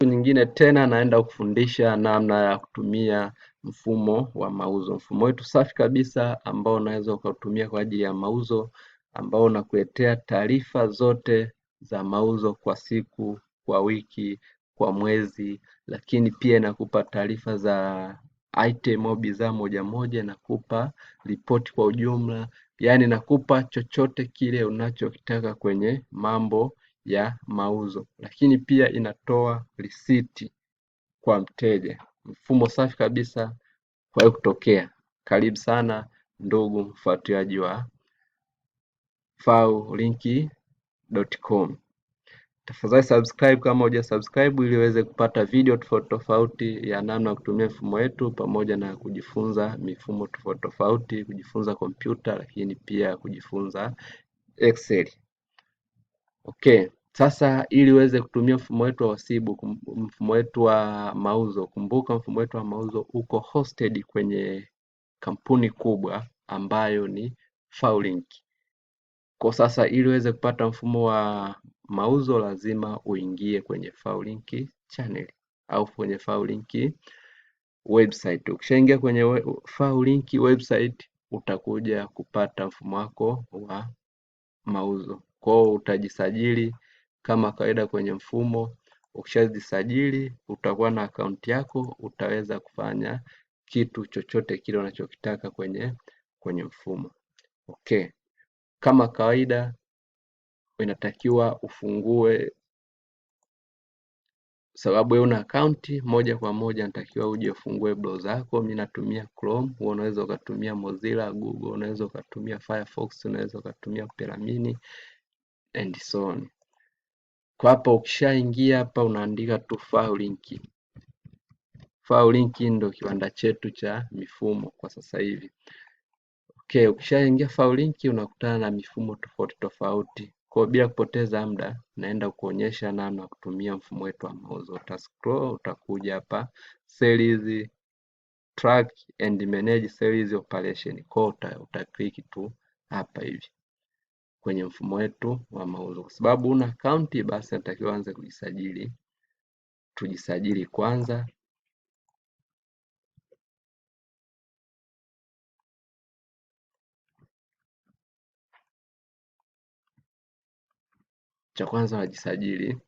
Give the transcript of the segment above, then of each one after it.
Siku nyingine tena naenda kufundisha namna ya kutumia mfumo wa mauzo. Mfumo wetu safi kabisa ambao unaweza ukautumia kwa ajili ya mauzo, ambao unakuletea taarifa zote za mauzo kwa siku, kwa wiki, kwa mwezi, lakini pia inakupa taarifa za item au bidhaa moja moja, inakupa ripoti kwa ujumla, yaani inakupa chochote kile unachokitaka kwenye mambo ya mauzo, lakini pia inatoa risiti kwa mteja. Mfumo safi kabisa kwa kutokea. Karibu sana ndugu mfuatiliaji wa faulink.com. Tafadhali subscribe kama huja subscribe ili uweze kupata video tofauti tofauti ya namna ya kutumia mfumo wetu pamoja na kujifunza mifumo tofauti tofauti, kujifunza kompyuta, lakini pia kujifunza Excel. Okay. Sasa ili uweze kutumia mfumo wetu wa wasibu, mfumo wetu wa mauzo, kumbuka mfumo wetu wa mauzo uko hosted kwenye kampuni kubwa ambayo ni Faulink. Kwa sasa ili uweze kupata mfumo wa mauzo lazima uingie kwenye Faulink channel au kwenye Faulink website. Ukishaingia kwenye Faulink website utakuja kupata mfumo wako wa mauzo. Kwao utajisajili kama kawaida kwenye mfumo. Ukishazisajili utakuwa na akaunti yako, utaweza kufanya kitu chochote kile unachokitaka kwenye, kwenye mfumo okay. Kama kawaida inatakiwa ufungue, sababu wewe una akaunti moja kwa moja, natakiwa uje ufungue browser yako. Mimi natumia Chrome, wewe unaweza ukatumia Mozilla, Google, unaweza ukatumia Firefox, unaweza ukatumia Peramini and so on. Kwa hapa ukishaingia hapa unaandika tu Faulink. Faulink ndio kiwanda chetu cha mifumo kwa sasa hivi. Okay, ukishaingia Faulink unakutana na mifumo tofauti tofauti. Kwa bila kupoteza muda naenda kuonyesha namna ya kutumia mfumo wetu wa mauzo. scroll utakuja hapa sales track and manage sales operation. Kwa uta, uta click tu hapa hivi kwenye mfumo wetu wa mauzo. Kwa sababu una akaunti, basi natakiwa anze kujisajili. Tujisajili kwanza cha kwanza wajisajili.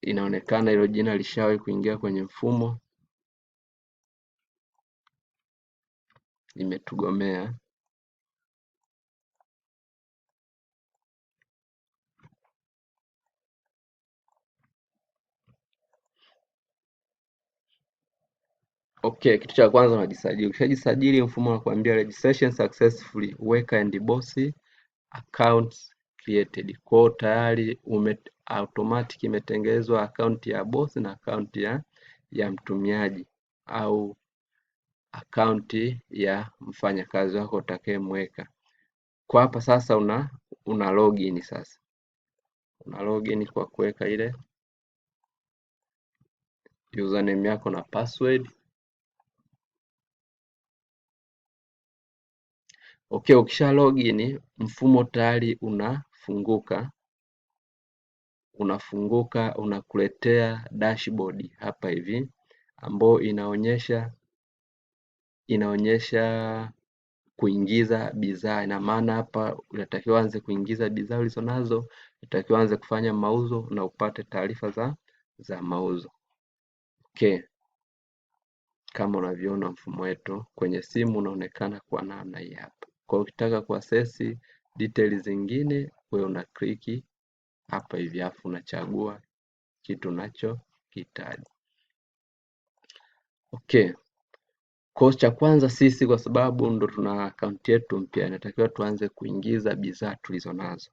Inaonekana hilo jina lishawahi kuingia kwenye mfumo, limetugomea. Okay, kitu cha kwanza unajisajili. Ukishajisajili mfumo unakuambia registration successfully, weka boss account created. Kwa hiyo tayari ume automatic imetengenezwa account ya boss na account ya, ya mtumiaji au account ya mfanyakazi wako utakayemweka. Kwa hapa sasa una una login sasa. Una login kwa kuweka ile username yako na password Okay, ukisha login mfumo tayari unafunguka unafunguka unakuletea dashboard hapa hivi ambayo inaonyesha inaonyesha kuingiza bidhaa. Ina maana hapa unatakiwa anze kuingiza bidhaa ulizonazo, unatakiwa anze kufanya mauzo na upate taarifa za za mauzo. Okay, kama unavyoona mfumo wetu kwenye simu unaonekana kwa namna hii hapa. Kwa ukitaka kuasesi details zingine, wewe una click hapa hivi, afu unachagua kitu kitaji. Okay. Kwa cha kwanza sisi kwa sababu ndo tuna akaunti yetu mpya, inatakiwa tuanze kuingiza bidhaa tulizo nazo.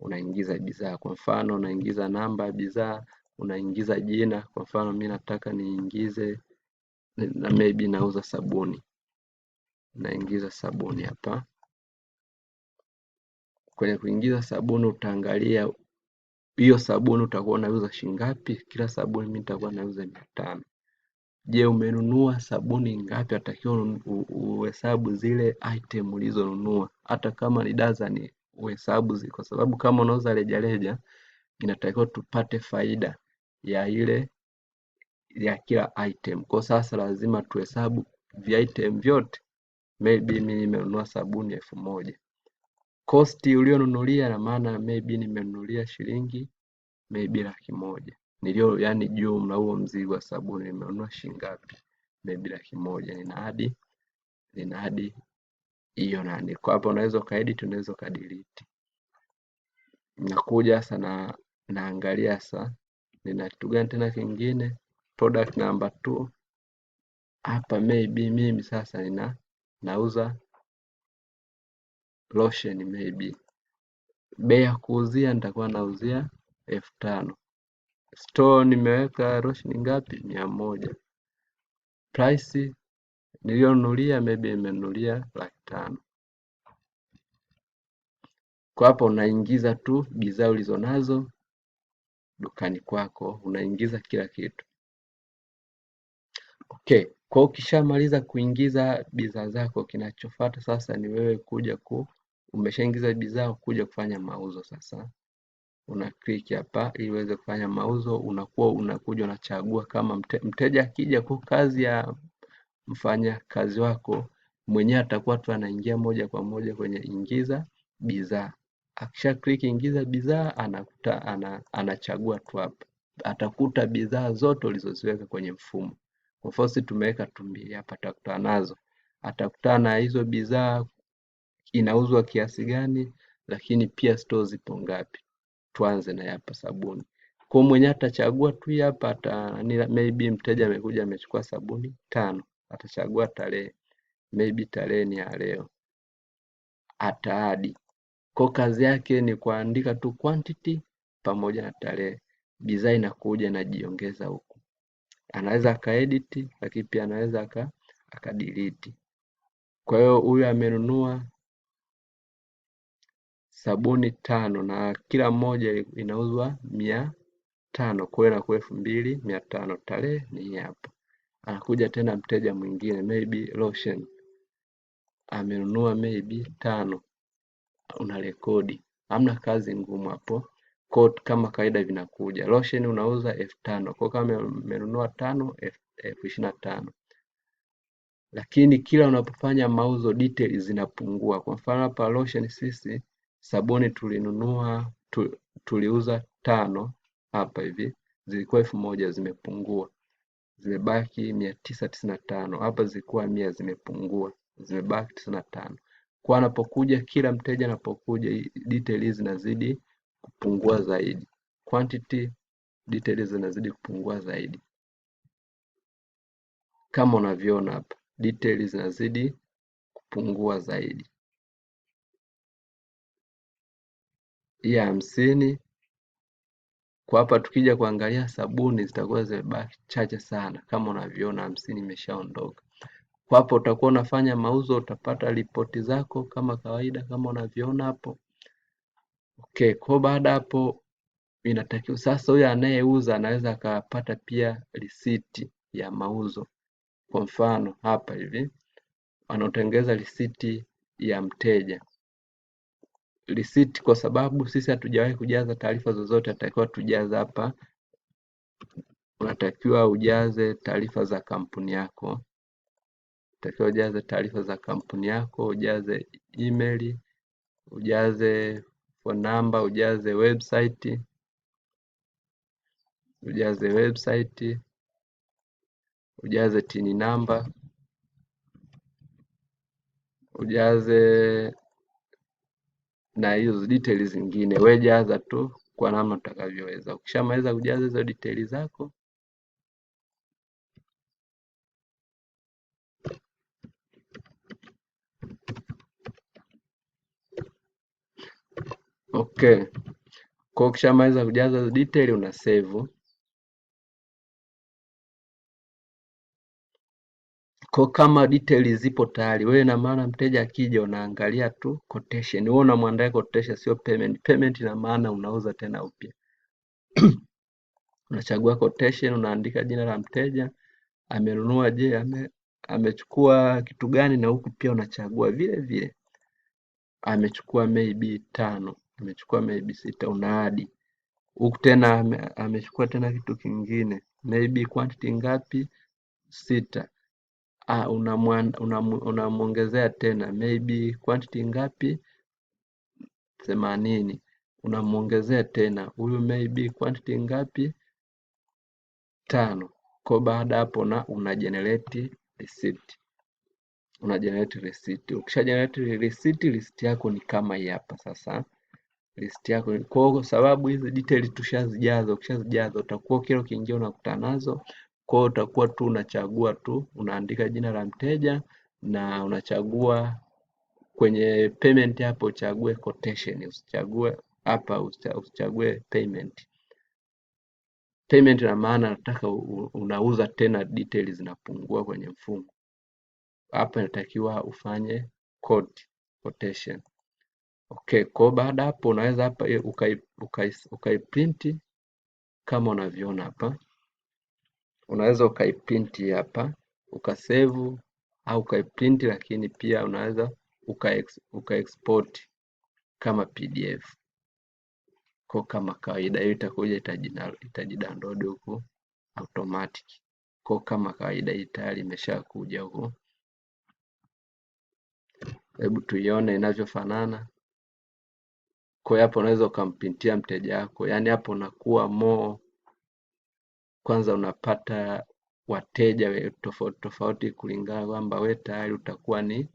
Unaingiza bidhaa, kwa mfano unaingiza namba ya bidhaa, unaingiza jina. Kwa mfano mi nataka niingize na maybe nauza sabuni naingiza sabuni hapa. Kwenye kuingiza sabuni utaangalia hiyo sabuni utakuwa unauza shingapi. Kila sabuni mimi nitakuwa nauza mia tano. Je, umenunua sabuni ngapi? Atakiwa uhesabu zile item ulizonunua, hata kama ni dazani uhesabu, kwa sababu kama unauza rejareja inatakiwa tupate faida ya ile ya kila item. Kwa sasa lazima tuhesabu item vyote maybe mimi nimenunua sabuni elfu moja kosti ulionunulia na maana maybe nimenunulia shilingi maybe laki moja nilio yani jumla huo mzigo wa sabuni nimenunua shilingi ngapi maybe laki moja nina hadi nina hadi hiyo nani kwa hapo unaweza ukaedit unaweza ukadelete nakuja sasa na naangalia sasa nina kitu gani tena kingine product number 2 hapa maybe mimi sasa nina Nauza losheni maybe Bei ya kuuzia nitakuwa nauzia elfu tano. Store nimeweka losheni ngapi? mia moja. Price niliyonunulia maybe nimenunulia laki tano. Kwa hapo unaingiza tu bidhaa ulizonazo dukani kwako, unaingiza kila kitu. Okay. Kwa ukishamaliza kuingiza bidhaa zako, kinachofuata sasa ni wewe kuja ku umeshaingiza bidhaa kuja kufanya mauzo sasa. Una click hapa ili uweze kufanya mauzo, unakuwa unakuja unachagua kama mte, mteja akija kwa kazi ya mfanya kazi wako mwenyewe atakuwa tu anaingia moja kwa moja kwenye ingiza bidhaa. Akisha click ingiza bidhaa anakuta ana, anachagua tu hapa, atakuta bidhaa zote ulizoziweka kwenye mfumo ofosi tumeweka tumbili hapa, atakutana nazo, atakutana na hizo bidhaa inauzwa kiasi gani, lakini pia stores zipo ngapi. Tuanze na hapa sabuni kwa mwenye atachagua tu hapa ata, maybe mteja amekuja amechukua sabuni tano, atachagua tarehe, maybe tarehe ni ya leo, ataadi kwa kazi yake ni kuandika tu quantity pamoja na tarehe, bidhaa inakuja inajiongeza huku anaweza akaedit lakini pia anaweza aka akadelete. Kwa hiyo huyu amenunua sabuni tano na kila mmoja inauzwa mia tano, kwa hiyo inakuwa elfu mbili mia tano. Tarehe ni hapa. Anakuja tena mteja mwingine maybe lotion amenunua maybe tano, unarekodi. Hamna kazi ngumu hapo coat kama kawaida vinakuja. Lotion unauza elfu tano kwa kama umenunua tano elfu ishirini na tano lakini kila unapofanya mauzo details zinapungua. Kwa mfano hapa lotion sisi sabuni tulinunua tu, tuliuza tano hapa hivi zilikuwa elfu moja zimepungua zimebaki mia tisa tisini na tano hapa zilikuwa mia zimepungua zimebaki tisini na tano kwa anapokuja kila mteja anapokuja detail hizi zinazidi kupungua zaidi quantity details zinazidi kupungua zaidi kama unavyoona hapa details zinazidi kupungua zaidi ya hamsini kwa hapa tukija kuangalia sabuni zitakuwa zimebaki chache sana kama unavyoona hamsini imeshaondoka hapo utakuwa unafanya mauzo utapata ripoti zako kama kawaida kama unavyoona hapo Okay, kwa baada hapo inatakiwa sasa huyo anayeuza anaweza akapata pia risiti ya mauzo. Kwa mfano hapa hivi anaotengeza risiti ya mteja risiti, kwa sababu sisi hatujawahi kujaza taarifa zozote, atakiwa tujaze hapa. Unatakiwa ujaze taarifa za kampuni yako, unatakiwa ujaze taarifa za kampuni yako, ujaze email, ujaze kwa namba, ujaze website ujaze website ujaze tini namba ujaze na hizo details zingine, wewe jaza tu kwa namna utakavyoweza. Ukishamaliza kujaza hizo details zako, Okay. Kwa ukishamaliza kujaza detail una save. Kwa kama detail zipo tayari, wewe na maana mteja akija unaangalia tu quotation. Wewe unamwandaa quotation sio payment. Payment ina maana unauza tena upya. Unachagua quotation, unaandika jina la mteja, amenunua je, ame, amechukua kitu gani na huku pia unachagua vile vile. Amechukua maybe tano amechukua maybe sita unaadi huku tena amechukua tena kitu kingine maybe quantity ngapi sita ah, unamwongezea una, una tena maybe quantity ngapi themanini unamwongezea tena huyu maybe quantity ngapi tano ko baada hapo na una generate receipt una generate receipt ukisha generate receipt receipt yako ni kama hii hapa sasa listi yako. Kwa hiyo sababu hizi details tushazijaza, ukishazijaza utakuwa kila ukiingia unakuta nazo. Kwa hiyo utakuwa tu unachagua tu, unaandika jina la mteja na unachagua kwenye payment hapo uchague quotation, usichague hapa usichague payment. Payment na maana nataka unauza tena, details zinapungua kwenye mfumo. Hapa inatakiwa ufanye code quotation. Okay, kwa baada hapo unaweza hapa ukai, ukai, kama unavyoona hapa, unaweza ukaiprinti hapa ukasevu au ukaiprinti, lakini pia unaweza ukaexport uka kama PDF ko kama kawaida. Hiyo itakuja itajidownload huku automatic ko kama kawaida, hii tayari imesha kuja huku. Hebu tuione inavyofanana. Kwa hiyo hapo unaweza ukampitia mteja wako, yaani hapo unakuwa mo, kwanza unapata wateja tofauti tofauti kulingana kwamba we tayari utakuwa ni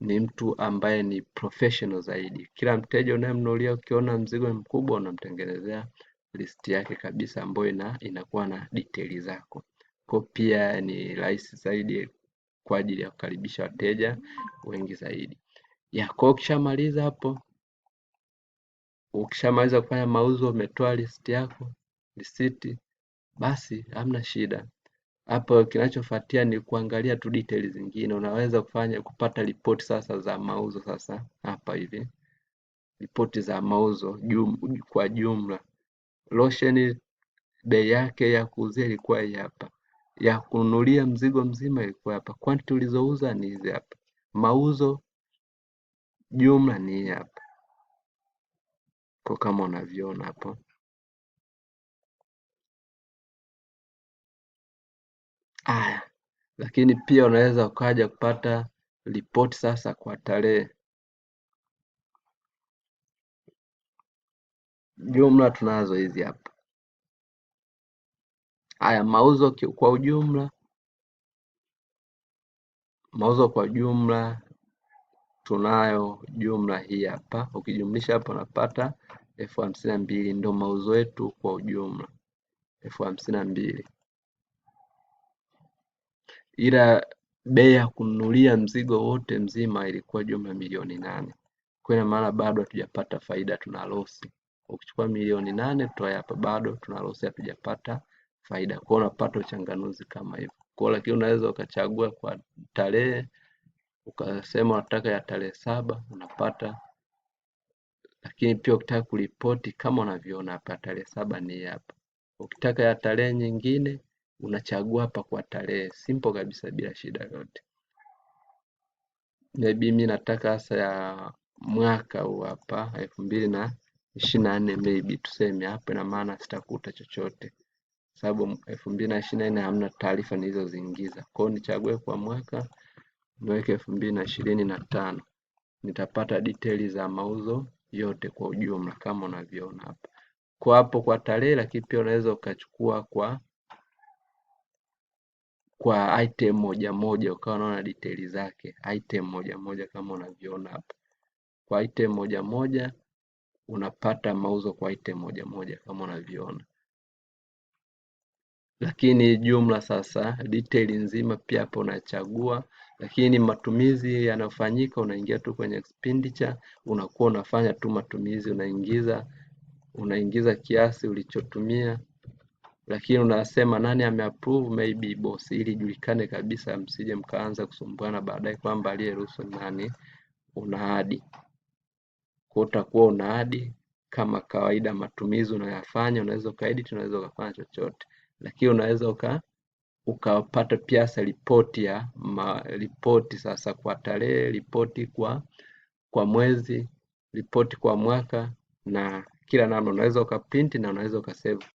ni mtu ambaye ni professional zaidi. Kila mteja unayemnulia ukiona mzigo mkubwa, unamtengenezea listi yake kabisa ambayo ina, inakuwa na detaili zako. Kwa pia ni rahisi zaidi kwa ajili ya kukaribisha wateja wengi zaidi. Ya, kwa ukishamaliza hapo ukishamaliza kufanya mauzo umetoa listi yako risiti, basi hamna shida hapo. Kinachofuatia ni kuangalia tu details zingine. Unaweza kufanya kupata ripoti sasa za mauzo. Sasa hapa hivi ripoti za mauzo jum, kwa jumla lotion bei yake ya kuuzia ilikuwa hii hapa, ya kununulia mzigo mzima ilikuwa hapa, quantity ulizouza ni hizi hapa, mauzo jumla ni hii hapa. Kwa kama unavyoona hapo. Haya, lakini pia unaweza ukaja kupata ripoti sasa kwa tarehe. Jumla tunazo hizi hapa. Haya, mauzo kwa ujumla, mauzo kwa jumla tunayo jumla hii hapa. Ukijumlisha hapa unapata elfu hamsini na mbili ndio mauzo yetu kwa ujumla elfu hamsini na mbili ila bei ya kununulia mzigo wote mzima ilikuwa jumla milioni nane. Kwa ina maana bado hatujapata faida, tuna losi. Ukichukua milioni nane toa hapa, bado tuna losi, hatujapata faida. Kwa unapata uchanganuzi kama hivyo, kwa lakini unaweza ukachagua kwa tarehe ukasema unataka ya tarehe saba unapata, lakini pia ukitaka kuripoti kama unavyoona hapa, tarehe saba ni hapa. Ukitaka ya tarehe nyingine unachagua hapa kwa tarehe, simple kabisa, bila shida yoyote. Maybe mimi nataka hasa ya mwaka huu hapa elfu mbili na ishirini na nne maybe tuseme hapa, na maana sitakuta chochote sababu elfu mbili na ishirini na nne hamna taarifa nilizoziingiza. kwao nichague kwa mwaka ndo elfu mbili na ishirini na tano nitapata detaili za mauzo yote kwa ujumla kama unavyoona hapa kwa hapo kwa tarehe, lakini pia unaweza ukachukua kwa kwa item moja moja ukawa unaona detaili zake item moja moja kama unavyoona hapa. Kwa item moja moja unapata mauzo kwa item moja moja kama unavyoona lakini jumla sasa detail nzima pia hapo unachagua, lakini matumizi yanayofanyika unaingia tu kwenye expenditure, unakuwa unafanya tu matumizi, unaingiza unaingiza kiasi ulichotumia, lakini unasema nani ame approve maybe boss, ili julikane kabisa, msije mkaanza kusumbuana baadaye kwamba aliyeruhusu nani. Unaadi kwa utakuwa unaadi kama kawaida, matumizi unayafanya, unaweza ukaedit, unaweza ukafanya chochote lakini unaweza uka ukapata pia ripoti ya ripoti sasa kwa tarehe, ripoti kwa kwa mwezi, ripoti kwa mwaka na kila namna, unaweza ukaprint na unaweza ukasave